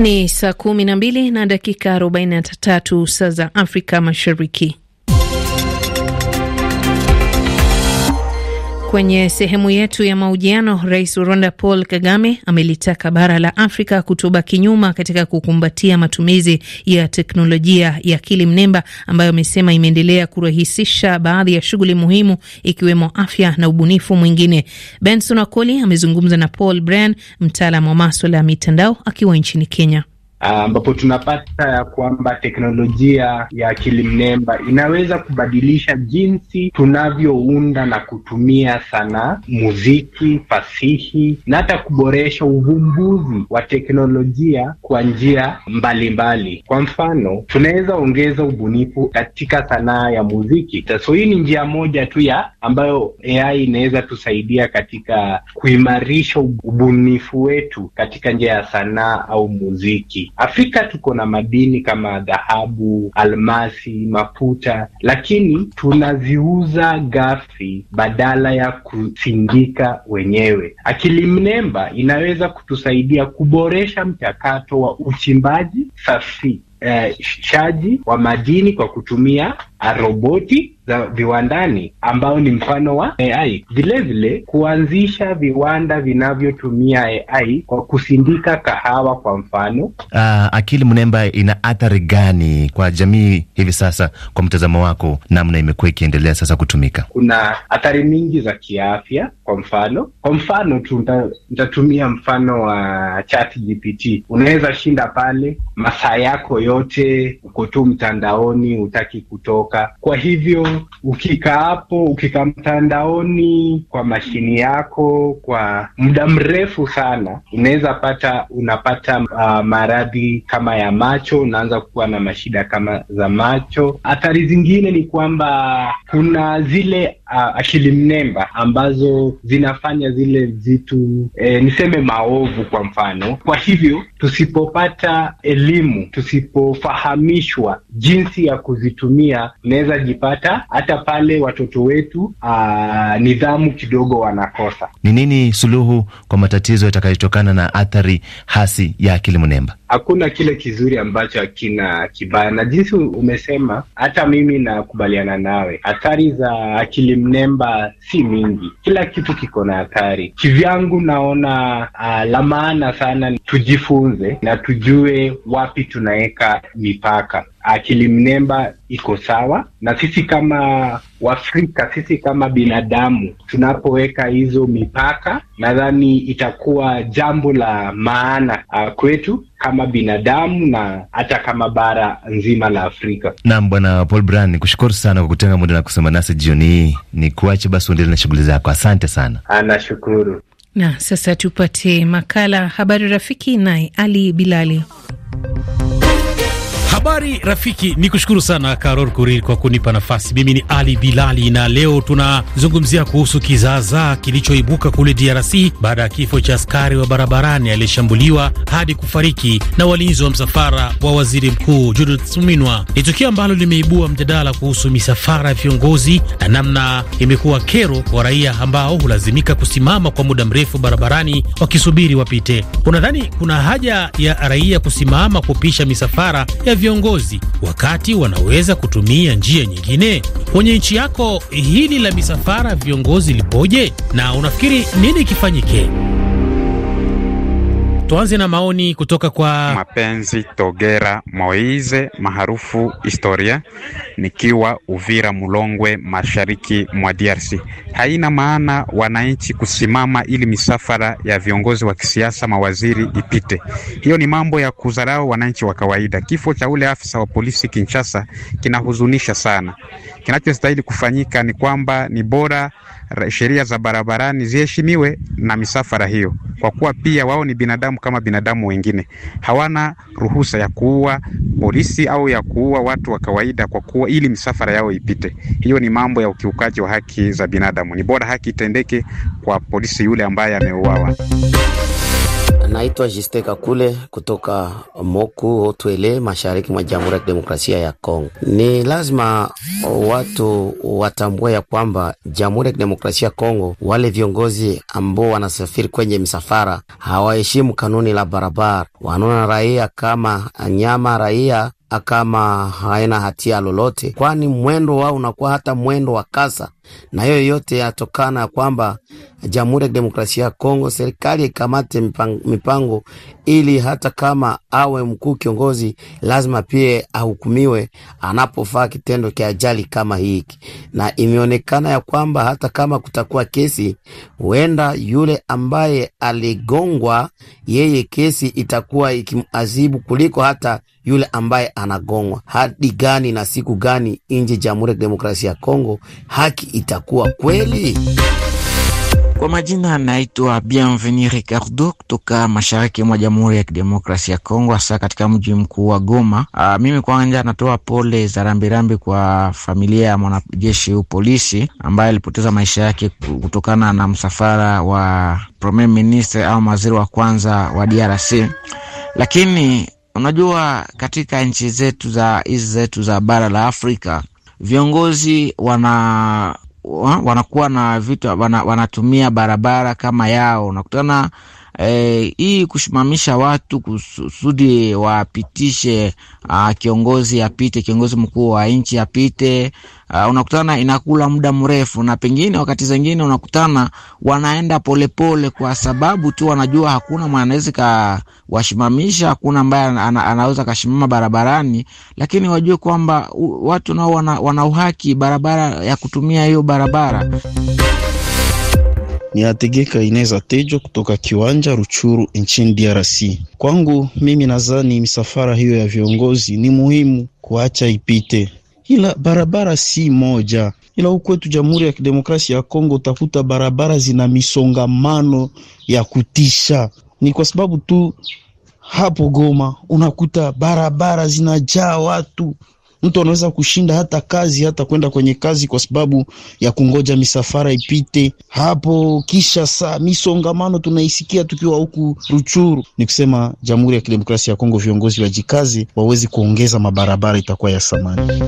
Ni saa kumi na mbili na dakika arobaini na tatu saa za Afrika Mashariki. Kwenye sehemu yetu ya mahojiano, rais wa Rwanda Paul Kagame amelitaka bara la Afrika kutobaki nyuma katika kukumbatia matumizi ya teknolojia ya akili mnemba ambayo amesema imeendelea kurahisisha baadhi ya shughuli muhimu ikiwemo afya na ubunifu mwingine. Benson Wakoli amezungumza na Paul Bran, mtaalam wa maswala ya mitandao akiwa nchini Kenya ambapo tunapata ya kwamba teknolojia ya akili mnemba inaweza kubadilisha jinsi tunavyounda na kutumia sanaa, muziki, fasihi na hata kuboresha uvumbuzi wa teknolojia kwa njia mbalimbali. Kwa mfano, tunaweza ongeza ubunifu katika sanaa ya muziki. So hii ni njia moja tu ya ambayo AI inaweza tusaidia katika kuimarisha ubunifu wetu katika njia ya sanaa au muziki. Afrika tuko na madini kama dhahabu, almasi, mafuta, lakini tunaziuza ghafi badala ya kusindika wenyewe. Akili mnemba inaweza kutusaidia kuboresha mchakato wa uchimbaji safi Uh, shaji wa madini kwa kutumia roboti za viwandani ambao ni mfano wa AI. Vilevile kuanzisha viwanda vinavyotumia AI kwa kusindika kahawa kwa mfano. Uh, akili mnemba ina athari gani kwa jamii hivi sasa, kwa mtazamo wako, namna imekuwa ikiendelea sasa kutumika? Kuna athari nyingi za kiafya, kwa mfano kwa mfano tu nitatumia mfano wa ChatGPT. Unaweza shinda pale masaa yako yote, uko tu mtandaoni, hutaki kutoka, kwa hivyo ukikaapo, ukikaa mtandaoni kwa mashini yako kwa muda mrefu sana, unaweza pata unapata uh, maradhi kama ya macho, unaanza kuwa na mashida kama za macho. Athari zingine ni kwamba kuna zile uh, akili mnemba ambazo zinafanya zile vitu eh, niseme maovu kwa mfano. Kwa hivyo tusipopata elimu, tusipofahamishwa jinsi ya kuzitumia, unaweza jipata hata pale watoto wetu aa, ah, nidhamu kidogo wanakosa. Ni nini suluhu kwa matatizo yatakayotokana na athari hasi ya akili mnemba? hakuna kile kizuri ambacho hakina kibaya, na jinsi umesema, hata mimi nakubaliana nawe. Athari za akili mnemba si mingi, kila kitu kiko na athari. Kivyangu naona uh, la maana sana tujifunze na tujue wapi tunaweka mipaka. Akili mnemba iko sawa, na sisi kama Waafrika, sisi kama binadamu tunapoweka hizo mipaka, nadhani itakuwa jambo la maana uh, kwetu kama binadamu na hata kama bara nzima la Afrika. Naam, Bwana Paul Bran, nikushukuru sana kwa kutenga muda na kusema nasi jioni hii. Ni kuache basi uendelee na shughuli zako, asante sana. Anashukuru. Na sasa tupate makala Habari Rafiki, naye Ali Bilali. Habari rafiki, ni kushukuru sana Karol Kurir kwa kunipa nafasi. Mimi ni Ali Bilali na leo tunazungumzia kuhusu kizaazaa kilichoibuka kule DRC baada ya kifo cha askari wa barabarani aliyeshambuliwa hadi kufariki na walinzi wa msafara wa waziri mkuu Judith Suminwa. Ni tukio ambalo limeibua mjadala kuhusu misafara ya viongozi na namna imekuwa kero kwa raia ambao hulazimika kusimama kwa muda mrefu barabarani wakisubiri wapite. Unadhani kuna haja ya raia kusimama kupisha misafara ya viongozi wakati wanaweza kutumia njia nyingine? Kwenye nchi yako hili la misafara viongozi lipoje, na unafikiri nini kifanyike? Tuanze na maoni kutoka kwa Mapenzi Togera Moize maharufu Historia, nikiwa Uvira Mulongwe, mashariki mwa DRC. Haina maana wananchi kusimama ili misafara ya viongozi wa kisiasa mawaziri ipite. Hiyo ni mambo ya kudharau wananchi wa kawaida. Kifo cha ule afisa wa polisi Kinshasa kinahuzunisha sana. Kinachostahili kufanyika ni kwamba ni bora sheria za barabarani ziheshimiwe na misafara hiyo, kwa kuwa pia wao ni binadamu kama binadamu wengine. Hawana ruhusa ya kuua polisi au ya kuua watu wa kawaida, kwa kuwa ili misafara yao ipite. Hiyo ni mambo ya ukiukaji wa haki za binadamu. Ni bora haki itendeke kwa polisi yule ambaye ameuawa. Naitwa Jiste Kakule kutoka Moku Otwele, mashariki mwa Jamhuri ya Kidemokrasia ya Kongo. Ni lazima watu watambue ya kwamba Jamhuri ya Kidemokrasia ya Kongo, wale viongozi ambao wanasafiri kwenye msafara hawaheshimu kanuni la barabara, wanaona raia kama nyama, raia kama haina hatia lolote, kwani mwendo wao unakuwa hata mwendo wa kasa, na hiyo yote yatokana kwamba Jamhuri ya Kidemokrasia ya Kongo serikali ikamate mipango, ili hata kama awe mkuu kiongozi lazima pia ahukumiwe anapofaa kitendo cha ajali kama hiki, na imeonekana ya kwamba hata kama kutakuwa kesi, huenda yule ambaye aligongwa yeye kesi itakuwa ikimazibu kuliko hata yule ambaye anagongwa hadi gani na siku gani nje Jamhuri ya Kidemokrasia ya Kongo haki itakuwa kweli? Kwa majina anaitwa Bienveni Ricardo kutoka mashariki mwa Jamhuri ya kidemokrasi ya Kongo, hasa katika mji mkuu wa Goma. Aa, ah, mimi kwanza natoa pole za rambirambi kwa familia ya mwanajeshi wa polisi ambaye alipoteza maisha yake kutokana na msafara wa Premier Minister au waziri wa kwanza wa DRC, lakini Unajua, katika nchi zetu za hizi zetu za bara la Afrika viongozi wana wanakuwa na vitu wana, wanatumia barabara kama yao, unakutana eh, hii kusimamisha watu kusudi wapitishe a, ah, kiongozi apite, kiongozi mkuu wa nchi apite, ah, unakutana inakula muda mrefu, na pengine wakati zingine unakutana wanaenda polepole pole, kwa sababu tu wanajua hakuna mwanaweza kawashimamisha, hakuna ambaye ana, anaweza kashimama barabarani, lakini wajue kwamba watu nao wana, wana uhaki barabara ya kutumia hiyo barabara ni Ategeka Inez Tejo kutoka kiwanja Ruchuru nchini DRC. Kwangu mimi nadhani misafara hiyo ya viongozi ni muhimu kuacha ipite, ila barabara si moja. Ila huku kwetu Jamhuri ya Kidemokrasia ya Kongo utakuta barabara zina misongamano ya kutisha. Ni kwa sababu tu hapo Goma unakuta barabara zinajaa watu mtu anaweza kushinda hata kazi, hata kwenda kwenye kazi kwa sababu ya kungoja misafara ipite hapo. Kisha saa misongamano tunaisikia tukiwa huku Ruchuru. Ni kusema Jamhuri ya Kidemokrasia ya Kongo, viongozi jikazi wawezi kuongeza mabarabara, itakuwa ya samani.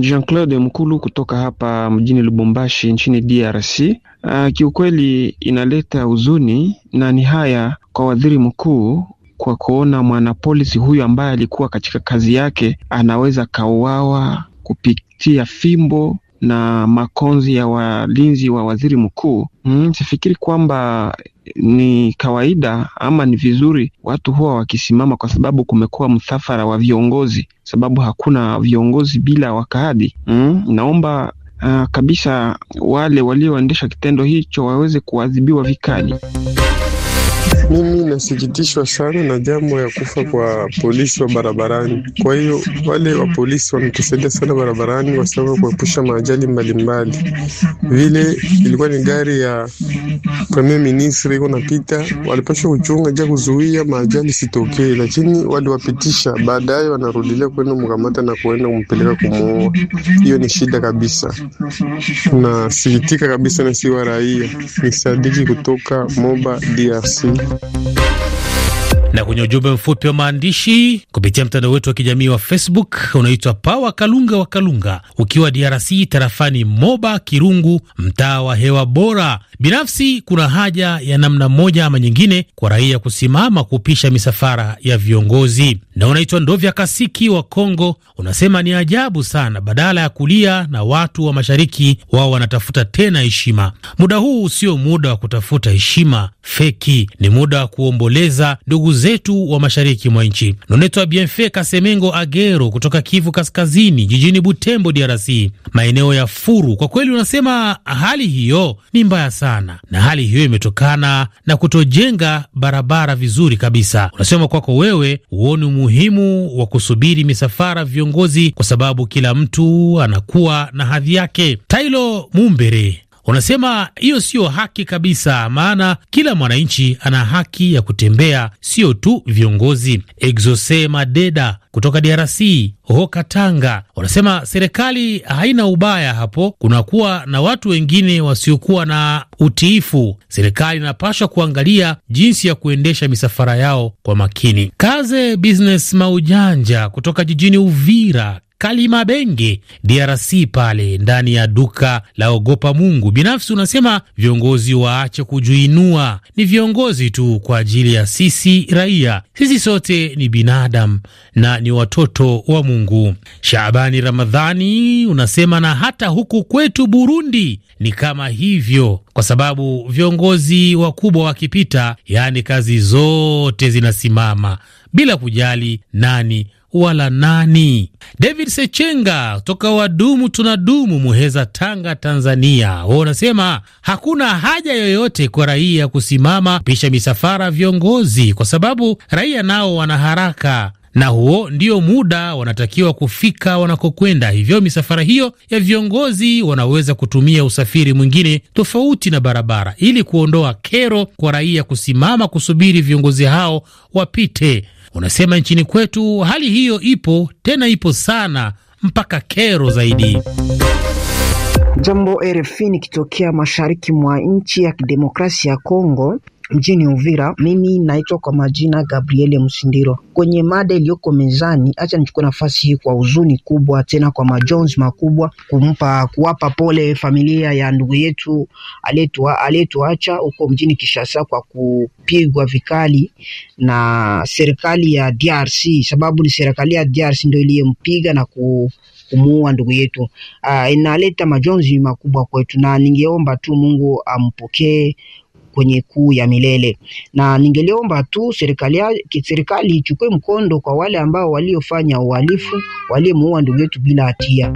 Jean-Claude Mkulu kutoka hapa mjini Lubumbashi nchini DRC. Uh, ah, kiukweli inaleta huzuni na ni haya kwa waziri mkuu kwa kuona mwanapolisi huyu ambaye alikuwa katika kazi yake anaweza kauawa kupitia fimbo na makonzi ya walinzi wa waziri mkuu. Mm, sifikiri kwamba ni kawaida ama ni vizuri watu huwa wakisimama, kwa sababu kumekuwa msafara wa viongozi, sababu hakuna viongozi bila wakaadi. Mm, naomba uh, kabisa wale walioendesha kitendo hicho waweze kuadhibiwa vikali. Mimi nasikitishwa sana na jambo ya kufa kwa polisi wa barabarani. Kwa hiyo wale wa polisi wanatusaidia sana barabarani, sababu kuepusha maajali mbalimbali. Vile ilikuwa ni gari ya premier ministre iko napita, walipashwa kuchunga ja kuzuia maajali sitokee, lakini waliwapitisha, baadaye wanarudilia kwenda mkamata na kuenda kumpeleka kumuoa. Hiyo ni shida kabisa, nasikitika kabisa na siwa raia. Ni Sadiki kutoka Moba DRC na kwenye ujumbe mfupi wa maandishi kupitia mtandao wetu wa kijamii wa Facebook unaitwa Pawa Kalunga wa Kalunga, ukiwa DRC tarafani Moba Kirungu, mtaa wa hewa bora. Binafsi kuna haja ya namna moja ama nyingine kwa raia kusimama kupisha misafara ya viongozi na unaitwa Ndovya Kasiki wa Kongo, unasema ni ajabu sana, badala ya kulia na watu wa mashariki, wao wanatafuta tena heshima. Muda huu sio muda wa kutafuta heshima feki, ni muda wa kuomboleza ndugu zetu wa mashariki mwa nchi. unaitwa Bienfe Kasemengo Agero kutoka Kivu Kaskazini, jijini Butembo, DRC, maeneo ya Furu. Kwa kweli, unasema hali hiyo ni mbaya sana, na hali hiyo imetokana na kutojenga barabara vizuri kabisa. Unasema kwako wewe uoni umuhimu wa kusubiri misafara viongozi, kwa sababu kila mtu anakuwa na hadhi yake. Tailo Mumbere wanasema hiyo siyo haki kabisa, maana kila mwananchi ana haki ya kutembea, sio tu viongozi. Exose Madeda kutoka DRC hokatanga wanasema serikali haina ubaya hapo, kunakuwa na watu wengine wasiokuwa na utiifu. Serikali inapashwa kuangalia jinsi ya kuendesha misafara yao kwa makini. Kaze Business Maujanja kutoka jijini Uvira Kalima Benge DRC pale ndani ya duka la ogopa Mungu. Binafsi unasema viongozi waache kujuinua, ni viongozi tu kwa ajili ya sisi raia. Sisi sote ni binadamu na ni watoto wa Mungu. Shaabani Ramadhani unasema na hata huku kwetu Burundi ni kama hivyo, kwa sababu viongozi wakubwa wakipita, yaani kazi zote zinasimama bila kujali nani wala nani? David Sechenga toka wadumu tunadumu, Muheza, Tanga, Tanzania, wanasema hakuna haja yoyote kwa raia kusimama pisha misafara viongozi, kwa sababu raia nao wana haraka na huo ndio muda wanatakiwa kufika wanakokwenda. Hivyo misafara hiyo ya viongozi wanaweza kutumia usafiri mwingine tofauti na barabara, ili kuondoa kero kwa raia kusimama kusubiri viongozi hao wapite. Unasema nchini kwetu hali hiyo ipo tena, ipo sana mpaka kero zaidi. Jambo RFI, nikitokea mashariki mwa nchi ya kidemokrasia ya Kongo mjini Uvira. Mimi naitwa kwa majina Gabriele Msindiro. Kwenye mada iliyoko mezani, acha nichukue nafasi hii kwa huzuni kubwa, tena kwa majonzi makubwa, kumpa kuwapa pole familia ya ndugu yetu aliyetuacha huko mjini Kishasa kwa kupigwa vikali na serikali ya DRC, sababu ni serikali ya DRC ndio iliyempiga na ku kumuua ndugu yetu. Uh, inaleta majonzi makubwa kwetu, na ningeomba tu Mungu ampokee kwenye kuu ya milele, na ningeliomba tu serikali serikali ichukue mkondo kwa wale ambao waliofanya uhalifu, waliomuua ndugu yetu bila hatia.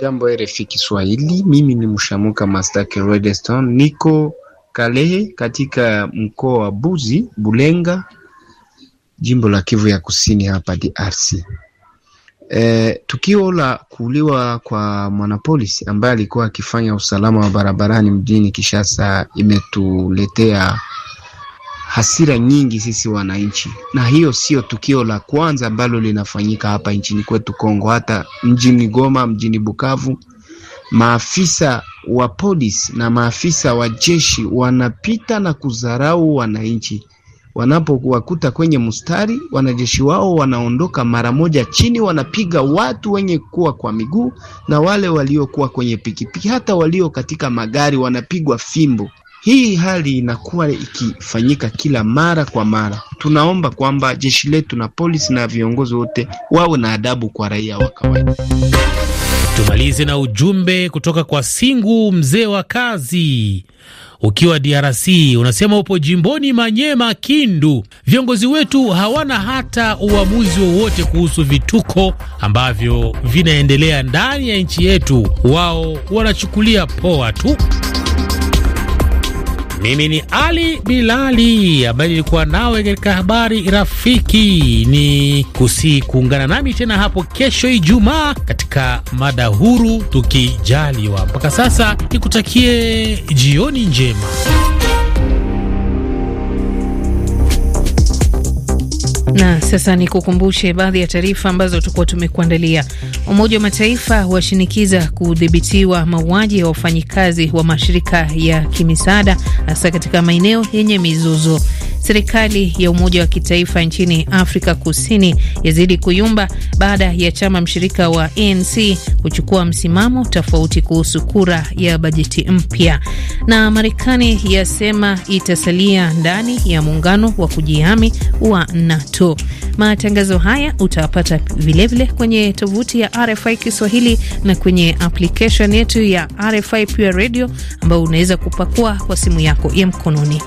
Jambo RFI Kiswahili, mimi ni mshamuka Mastaki Redstone, niko Kalehe katika mkoa wa Buzi Bulenga, jimbo la Kivu ya Kusini hapa DRC. E, tukio la kuuliwa kwa mwanapolisi ambaye alikuwa akifanya usalama wa barabarani mjini Kishasa imetuletea hasira nyingi sisi wananchi, na hiyo sio tukio la kwanza ambalo linafanyika hapa nchini kwetu Kongo. Hata mjini Goma, mjini Bukavu, maafisa wa polisi na maafisa wa jeshi wanapita na kudharau wananchi wanapowakuta kwenye mstari, wanajeshi wao wanaondoka mara moja chini, wanapiga watu wenye kuwa kwa miguu na wale waliokuwa kwenye pikipiki, hata walio katika magari wanapigwa fimbo. Hii hali inakuwa ikifanyika kila mara kwa mara. Tunaomba kwamba jeshi letu na polisi na viongozi wote wawe na adabu kwa raia wa kawaida. Tumalize na ujumbe kutoka kwa Singu mzee wa kazi ukiwa DRC unasema upo jimboni Manyema, Kindu. Viongozi wetu hawana hata uamuzi wowote kuhusu vituko ambavyo vinaendelea ndani ya nchi yetu, wao wanachukulia poa tu. Mimi ni Ali Bilali ambaye nilikuwa nawe katika habari rafiki, ni kusi kuungana nami tena hapo kesho Ijumaa katika mada huru tukijaliwa. Mpaka sasa nikutakie jioni njema. Na sasa ni kukumbushe baadhi ya taarifa ambazo tulikuwa tumekuandalia. Umoja wa Mataifa washinikiza kudhibitiwa mauaji ya wafanyikazi wa mashirika ya kimisaada hasa katika maeneo yenye mizozo. Serikali ya umoja wa kitaifa nchini Afrika Kusini yazidi kuyumba baada ya chama mshirika wa ANC kuchukua msimamo tofauti kuhusu kura ya bajeti mpya. Na Marekani yasema itasalia ndani ya muungano wa kujihami wa NATO. Matangazo haya utawapata vilevile kwenye tovuti ya RFI Kiswahili na kwenye application yetu ya RFI Pure Radio ambayo unaweza kupakua kwa simu yako ya mkononi.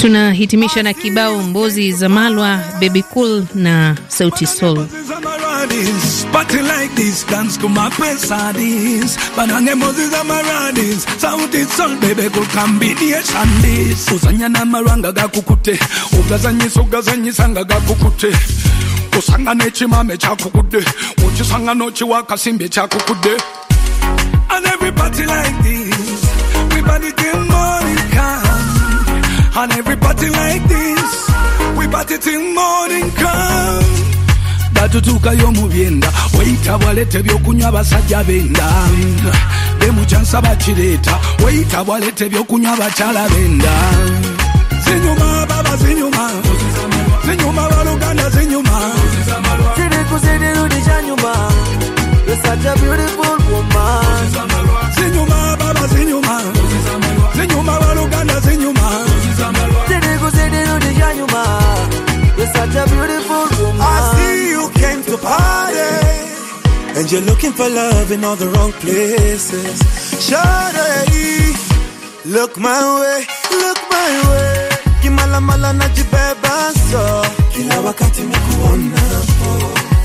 Tunahitimisha na kibao mbozi za Malwa, Baby Cool na Sauti Sol. Party like this, dance to my pesadis. Maradis. Sauti sol, Uzanya na maranga Ugazanyi sugazanyi sanga Usanga chakukude. Uchisanga nochi wakasimbe chakukude. And every party like this, we till morning. And everybody like this, we party till morning come. Datutukayo mu byenda, weyita bwalete byokunywa abasajja benda. Be mu kyansa bakireeta, weyita bwalete byokunywa abakyala benda. Zinyuma baba zinyuma, zinyuma baluganda zinyuma. Ziri ku ziri ludi kyanyuma, you're such a beautiful And you're looking for love in all the wrong places. Shawty, look my way, look my way. Kimalamala najibeba so kila wakati nikuona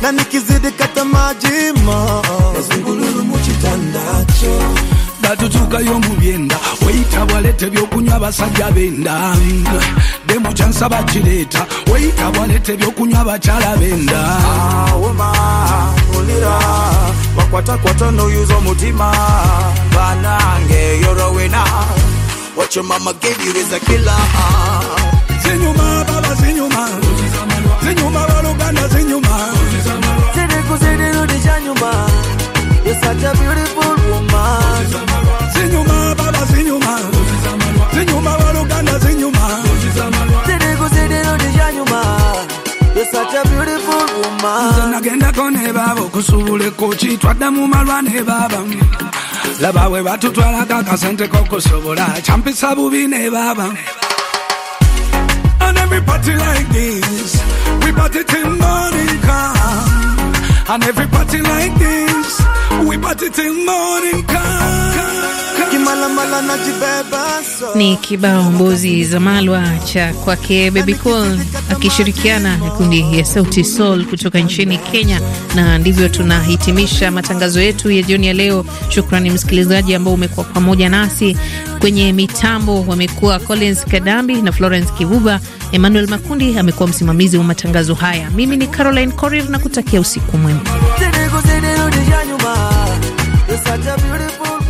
na nikizidi kata majima nazungululu mukitandacho batutukayo mu byenda weyita bwalete byokunywa basajja benda demu kyansa bakireeta weyita bwalete byokunywa bakyala benda ah, olira bakwatakwata n'oyuza omutima banange yorowena wena mama gave you zinyuma baba zinyuma zinyuma baluganda zinyuma Zinyuma, baba, zinyuma. such a beautiful woman nze nagendako ne baba okusubula ekkuki twaddamu malwa ne baabamu laba bwe batutwalako akasente k'okusobola kyampisa bubi ne baba. baabamu every party like this. We party till morning come. And every party like this. We party till morning come. ni kibao mbuzi za Malwa cha kwake Baby Cool akishirikiana na kundi ya Sauti Sol kutoka nchini Kenya. Na ndivyo tunahitimisha matangazo yetu ya jioni ya leo. Shukrani msikilizaji ambao umekuwa pamoja nasi. Kwenye mitambo wamekuwa Collins Kadambi na Florence Kivuba. Emmanuel Makundi amekuwa msimamizi wa matangazo haya. Mimi ni Caroline Corir na kutakia usiku mwema.